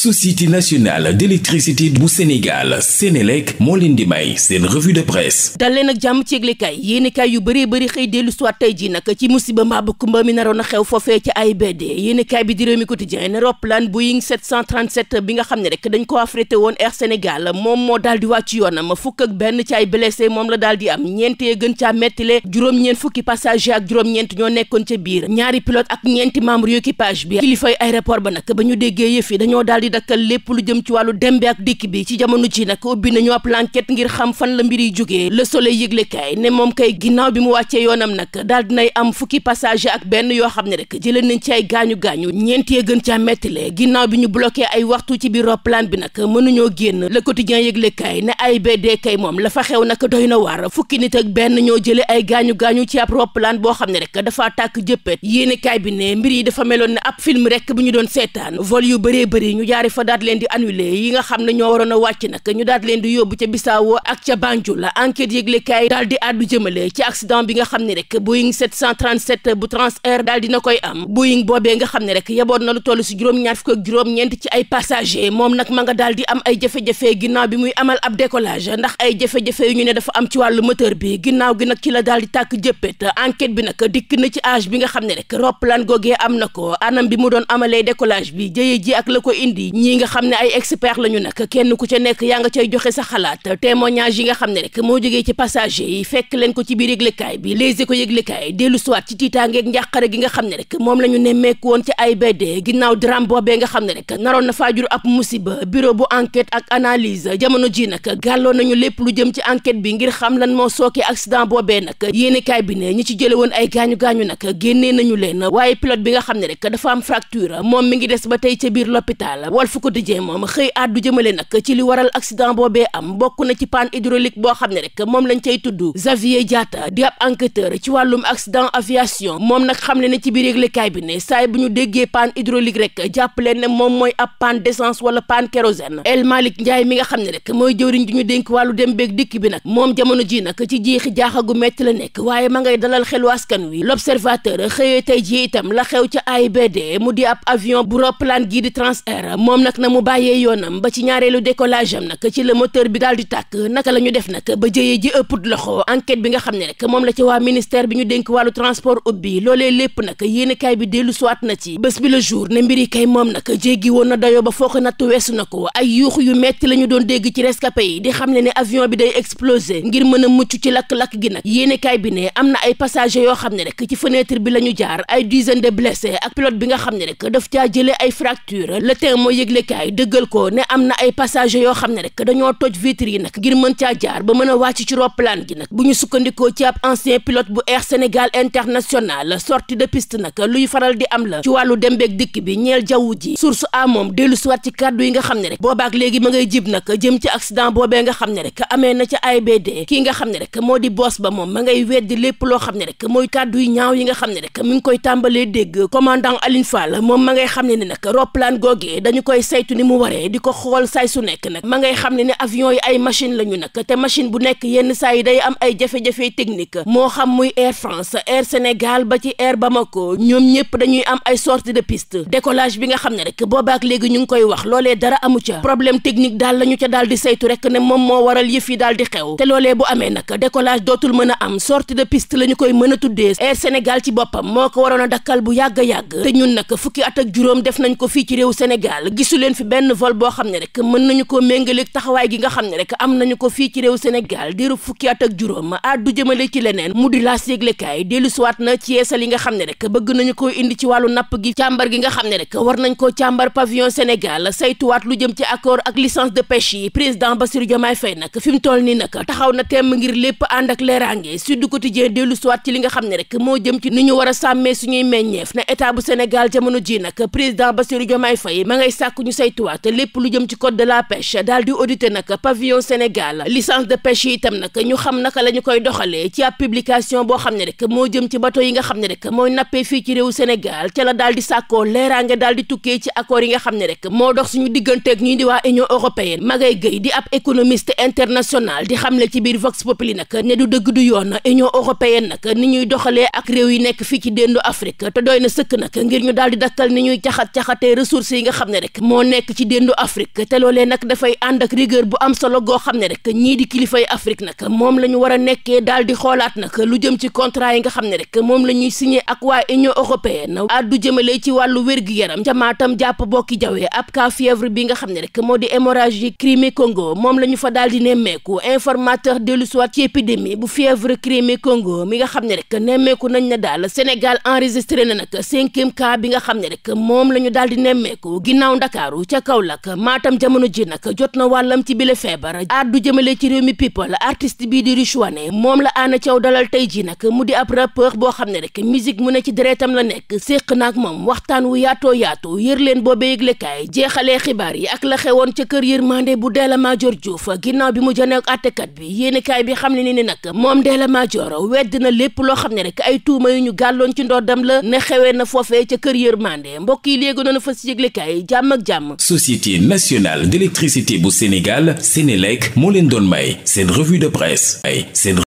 société nationale d'électricité bu Sénégal Sénélec moo leen di may seen revue de presse dal leen ak jàmm ci yëglekaay yéenekaay yu bëree bëri xëy dellu soit tey ji nag ci musiba mbaa bu kumba mi naroon a xew foofee ci AIBD yéenekaay bi di Rewmi Quotidien ne roppalaan Boeing 737 bi nga xam ne rek dañ ko affrété woon Air Sénégal moom moo daal di wàcc yoonam fukk ak benn ci ay blessé moom la daal di am ñeentee gën caa mettile juróom-ñeent fukki passager ak juróom-ñeent ñoo nekkoon ca bi kilifay aéroport ba nag ba ñu déggee yëf yi di dakkal lépp lu jëm ci wàllu dembe ak dikk bi ci jamono ji nag ubbi nañu ab enquête ngir xam fan la mbir yi jógee le soleil yëglekaay ne moom kay ginnaaw bi mu wàccee yoonam nag daal dinay am fukki passager ak benn yoo xam ne rek jëlee nañ ci ay gaañu-gaañu ñeent yee gën caa mettile ginnaaw bi ñu bloqué ay waxtu ci biir roplaan bi nag mënuñoo génn le quotidien yëglekaay ne AIBD kay moom la fa xew nag doy na waar fukki nit ak benn ñoo jëlee ay gaañu-gaañu ci ab roplaan boo xam ne rek dafa tàkk jëppet yéenekaay bi ne mbir yi dafa meloon ne ab film rekk bu ñu doon seetaan vol yu bëree bëri ñu ñaari fa daat leen di annulé yi nga xam ne ñoo waroon a wàcc nag ñu daat leen di yóbbu ca Bissau ak ca Banjul la enquête yëglekaay daal di àddu jëmale ci accident bi nga xam ne rek Boeing nga xam ne rek yaboon na lu toll si juróom-ñaar fukk ak juróom-ñeent ci ay passager moom nag ma nga daal di am ay jafe-jafe ginnaaw bi muy amal ab décollage ndax ay jafe-jafe yu ñu ne dafa am ci wàllu moteur bi ginnaaw gi nag ci la daal di tàkk jëppét enquête bi nag dikk na bi nga xam ne rek roppalaan googee am na ko mu doon amalee décollage bi jëye ji ñii nga xam ne ay expert la ñu nag kenn ku ca nekk yaa nga cay joxe sa xalaat témoignage yi nga xam ne rek moo jógee ci passager yi fekk leen ko ci biir yëglekaay bi Les Échos yëglekaay dellu siwaat ci tiitaangeeg njàqare gi nga xam ne rek moom la ñu nemmeeku woon ci AIBD ginnaaw drame boobee nga xam ne rek naroon na faajur ab musiba bureau bu enquête ak analyse jamono ji nag gàlloo nañu lépp lu jëm ci enquête bi ngir xam lan moo sookee accident boobee nag yéenekaay bi ne ñi ci jële woon ay gaañu-gaañu nag génnee nañu leen waaye pilote bi nga xam ne rek dafa am fracture moom mi ngi des ba tey ca biir l'hôpital Walf Quotidien moom xëy àddu jëmale nag ci li waral accident boobee am bokk na ci panne hydraulique boo xam ne rek moom lañ cay tudd Xavier Diatta di ab enquêteur ci wàllum accident aviation moom nag xam ne ne ci biir yëglekaay bi ne saay bu ñu déggee panne hydraulique rek jàppaleen ne moom mooy ab panne d'essence wala panne kérosène El Malick Ndiaye mi nga xam ne rek mooy jëwriñ ju ñu dénk wàllu dem beeg dikk bi nag moom jamono ji nag ci jeexi jaaxa gu metti la nekk waaye ma ngay dalal xelu askan wi l'observateur xëyee tey ji itam la xew ca AIBD mu di ab avion bu roppalaan gii di Transair moom nag na mu bàyyee yoonam ba ci ñaareelu décollage am nag ci la moteur bi daal di tàkk naka la ñu def nag ba jëyee ji ëpp loxo enquête bi nga xam ne rek moom la ci waa ministère bi dénk wàllu transport ubbi loolee lépp nag yéenekaay bi dellu suwaat na ci bés bi le jour ne mbiri kay moom nag jéggi woon na dayoo ba foo ko natt weesu na ko ay yuuxu yu metti la ñu doon dégg ci rescapé yi di xam ne ne avion bi day explosé ngir mën a mucc ci lakk-lakk gi nag yéenekaay bi ne am na ay passagers yoo xam ne rek ci fenêtre bi la ñu jaar ay dizaine de blessés ak pilote bi nga xam ne rek daf caa jëlee ay fracture yëglekaay dëggal ko ne am na ay passager yoo xam ne rek dañoo toj vitre yi nag ngir mën caa jaar ba mën a wàcc ci roppalaan gi nag bu ñu sukkandikoo ci ab ancien pilote bu Air Sénégal International sortie de piste nag luy faral di am la ci wàllu dem beeg dikk bi ñeel jaww ji source a moom dellu siwaat ci kàddu yi nga xam ne rek boobaak léegi ma ngay jib nag jëm ci accident boobee nga xam ne rek amee na ca AIBD kii nga xam ne rek moo di boss ba moom ma ngay weddi koy saytu ni mu waree di ko xool saay su nekk nag ma ngay xam ne ne avion yi ay machine la ñu nag te machine bu nekk yenn saa yi day am ay jafe-jafe moo xam muy Air Sénégal ba ci Air Bamako ñoom ñëpp dañuy am ay sortie de piste décollage bi nga xam ne rek boobaak léegi ñu ngi koy wax loolee dara amu ca problème technique daal la ñu ca daal di saytu rek ne moom moo waral yëf yi daal di xew te loolee bu amee nag décolage dootul mën a am sortie de piste la ñu koy mën a tuddee Air Sénégal ci boppam moo ko waroon a dakkal bu yàgg a yàgg te ñun nag fukki at ak juróom def nañ ko fii ci réew Sénégal gisu leen fi benn vol boo xam ne rek mën nañu ko méngaleeg taxawaay gi nga xam ne rek am nañu ko fii ci réew Sénégal diiru fukki at ak juróom addu ah, jëmale ci leneen mu di laas yëglekaay dellu siwaat na ci yeesal yi nga xam ne rek bëgg nañu ko indi ci wàllu napp gi càmbar gi nga xam ne rek war nañ ko càmbar pavillon Sénégal saytuwaat lu jëm ci accord ak licence de pêche yi président Bassirou Diomaye Faye nag fi mu toll nii nag taxaw na temm ngir lépp ànd ak leeraange Sud Quotidien dellu siwaat ci li nga xam ne rek moo jëm ci ni ñu war a sàmmee suñuy meññeef na état bu Sénégal jamono ji nag président Bassirou Diomaye Faye ma sàkku ñu saytuwaat lépp lu jëm ci code de la pêche daal di auditer nag pavillon Sénégal licence de pêche yi itam nag ñu xam naka la ñu koy doxalee ci ab publication boo xam ne rek moo jëm ci bateau yi nga xam ne rek mooy nappee fii ci réew Sénégal ca la daal di sàkkoo leeraange daal di tukkee ci accord yi nga xam ne rek moo dox suñu digganteeg ñuy di waa Union européenne Magaye Gueye di ab économiste international di xamle ci biir Vox Populi nag ne du dëgg du yoon Union européenne nag ni ñuy doxalee ak réew yi nekk fii ci déndu Afrique te doy na sëkk nag di dakkal ni ñuy yi nga xam moo nekk ci dendu Afrique te loolee nag dafay ànd ak rigueur bu am solo goo xam ne rek ñii di kilifay Afrique nag moom la ñu war a nekkee daal di xoolaat nag lu jëm ci contrat yi nga xam ne rek moom la ñuy signé ak waa Union européenne addu jëmale ci wàllu wér-gu-yaram jamaatam jàpp bokki jawee ab cas fièvre nga xam ne rek moo di hémorragie Crimée Congo moom la ñu fa daal di nemmeeku informateur dellu siwaat ci épidémie bu fièvre Crimée Congo mi nga xam ne rek nemmeeku nañ na daal Sénégal enregistré na nag cinquième cas bi nga xam ne rek moom la ñu daal di nemmeeku ginnaaw ndakaaru ca Kaolack maatam jamono ji nag jot na wàllam ci bile feebar addu jëmale ci réew mi people artiste bii di Rich Wane moom la Anna Thiaw dalal tey ji nag mu di ab rappeur boo xam ne rek musique mu ne ci deretam la nekk séq naag moom waxtaan wu yaatoo yaato yër leen boobee yëglekaay jeexalee xibaar yi ak la xewoon ca kër yërmande bu Ndella Madior Diouf ginnaaw bi mu janee ak àttekat bi yéenekaay bi xam ne ni nag moom Ndella Madior wedd na lépp loo xam ne rek ay tuuma yu ñu gàlloon ci ndoddam la ne xewee na foofee ca kër yërmande mbokk yi léegi noonu fa si yëglekaay jàmm jàmm ak jàmm. Société nationale d'électricité bu Sénégal Sénélec moo leen doon may seen revue de presse ay seen.